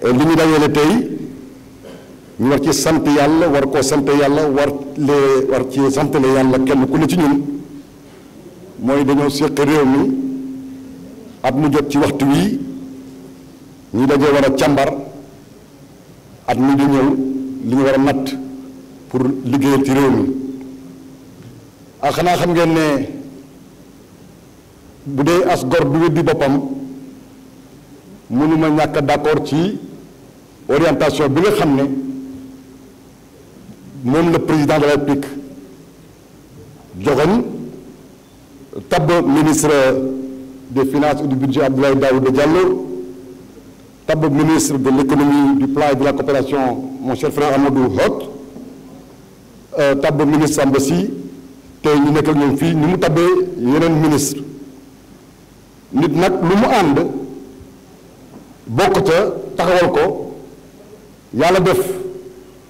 Euh, li ñu dajale tey ñu war ci sant yàlla war koo sant yàlla war lee war ci santale yàlla kenn ku ne ci ñun mooy dañoo séq réew mi at mu jot ci waxtu wii ñu dajee war a càmbar at mu di ñëw li ñu war a natt pour liggéeyal ci réew mi ah xanaa xam ngeen ne bu dee as gor du weddi boppam mënuma ñàkk d'accord ci orientation bi nga xam ne moom la président de la République joxoon tabb ministre des finances et du budget Abdoulaye Daouda Diallo tabb ministre de l'économie du plan et de la coopération mon cher frère Amadou Hott euh, tabb ministre Samba Sy te ñu nekk ak fii ni mu tabbee yeneen ministre nit nag lu mu ànd bokk ca taxawal ko yàlla def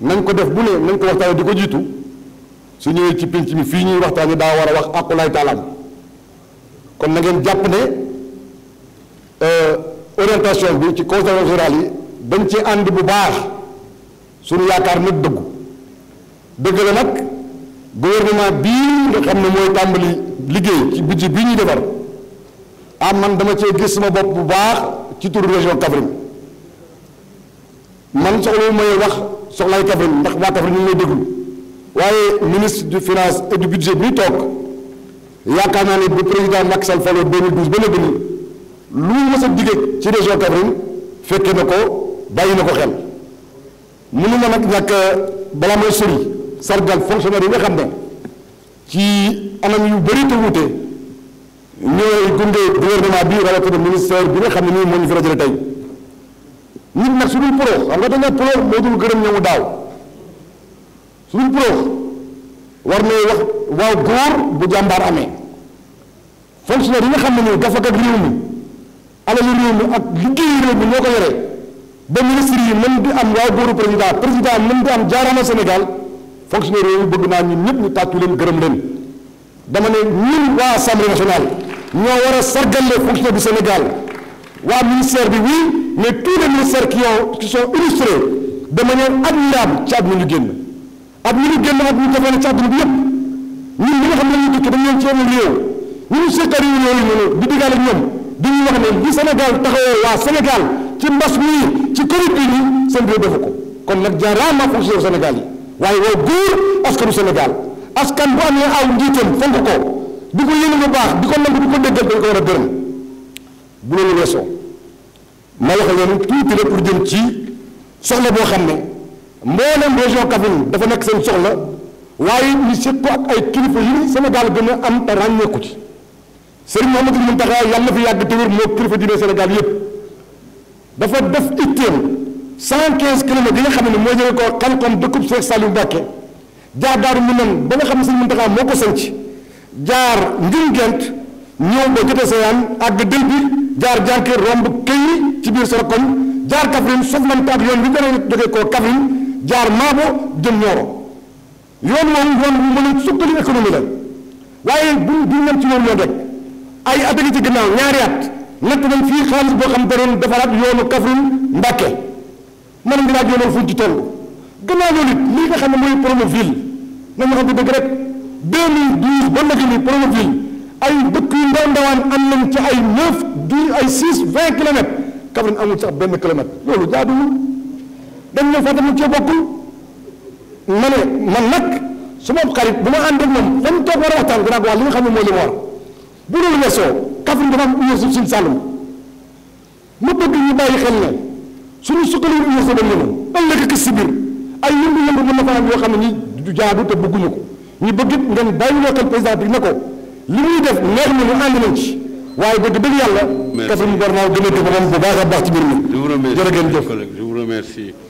nañ ko def bu ne nañ ko waxtaane di ko jiitu su ñëwee ci pinc mi fii ñuy waxtaane daa war a wax àqulaay taalaam kon na ngeen jàpp ne euh, orientation bi ci conseil rural yi dañ ci ànd bu baax suñu yaakaar nag dëggu dëgg la nag gouvernement bii nga xam ne mooy tàmbali liggéey ci budget bii ñuy defar ah man dama cee gis sama bopp bu baax ci turu région Kaffrine man soxla may wax soxlaay Kaffrine ndax waa Kaffrine ñu ngi lay déglu waaye ministre du finance et du budget bi ñu yaakaar naa ne bu président Macky Sall faloo 2012 ba léegi nii lu mu mës a diggee ci région Kaffrine fekke na ko bàyyi na ko xel mënu ma nag ñàkk balaa may sori sargal fonctionnaire yi nga xam ne ci anam yu bëri te ñooy gunge gouvernement bi rawatina ministère bi nga xam ne nii moo ñu fi rajale tey nit nag su dul pro xam nga dañoo pro moo dul gërëm ñamu daaw su dul pro war na wax waaw góor bu jàmbaar amee fonctionnaire yi nga xam ne nii dafa kat réew mi alalu réew mi ak liggéeyu réew mi ñoo ko yore ba ministre yi mën di am waaw góoru président président mën di am jaaraama Sénégal fonctionnaire yooyu bëgg naa ñun ñëpp ñu tàccu leen gërëm leen dama ne ñun waa assemblée nationale ñoo war a sargal les fonctionnaires Sénégal waa ministère bi oui mais tous les ministères qui ont qui sont illustrés de manière admirable ci at mi ñu génn at mi ñu génn ak ñu defoon ci àdduna bi yëpp ñun li nga xam ne ñu dëkk dañu leen cee amul réew ñu ñu seqal réew yooyu noonu di diggaale ñoom di ñu wax ne li Sénégal taxawoo waa Sénégal ci mbas mii ci Covid bi nii seen réew defu ko kon nag jaaraama fonctionnaire Sénégal yi waaye woo góor askanu Sénégal askan bu amee aw njiitam fonk ko. di ko yéene lu baax di ko nangu di ko déggal dañ ko war a gërëm bu loolu weesoo ma wax leen tuuti rek pour jëm ci soxla boo xam ne mboolem région Kaffrine dafa nekk seen soxla waaye ñu seet ko ak ay kilifa yi Sénégal gën a am te ràññeeku ci Serigne Mouhamadou Mountakha yàlla fi yàgg te moo kilifa diine Sénégal yépp dafa def itteem cent quinze kilomètres yi nga xam ne mooy jëlee ko xel comme dëkkub Cheikh Saliou Mbacké jaar daaru mu nan ba nga xam ne mun Mountakha moo ko sanc jaar ngir gent ñëw ba jotee sayaan àgg dël bi jaar jànkeer romb këy ci biir Sorokoñ jaar Kaffrine soflante ak yoon bi gën a jógee koo Kaffrine jaar Maabo jëm Nioro yoon moom yoon bu mën a sukkali économie la waaye bu bu ñam ci yoon yoon rek ay at ci ginnaaw ñaari at nekk nañ fii xaalis boo xam daroon defaraat yoonu Kaffrine Mbàkke man ngi laaj yoon fuñ ci toll gannaaw loolu it lii nga xam ne mooy Promoville nañ ma xam ko dëgg 2012 ba nag ni Promoville ay dëkk yu ndaw ndawaan am nañ ci ay 9 du ay 6 20 kilomètres Kaffrine amul sax benn kilomètre loolu jaaduwul dañ ñëw fàtte mu cee bokkul ma ne man nag su ma bu ma ànd ak moom fa mu a waxtaan dinaa xam ne mooy li mu war bu loolu weesoo Kaffrine dafa am université suñu Saloum ma bëgg ñu bàyyi xel ne suñu sukkandiku ba ñëwoon ëllëg ak si biir ay yëngu-yëngu mën na fa am yoo xam ne nii du jaadu te bëgguñu ko. ñu bëgg ngeen bàyyi loo xel président bi ne li muy def neex na mu ànd nañ waaye ba dëgg yàlla. merci Kaffrine Bordeaux gën a dëgëral bu baax a baax ci mbir mi. jërë ngeen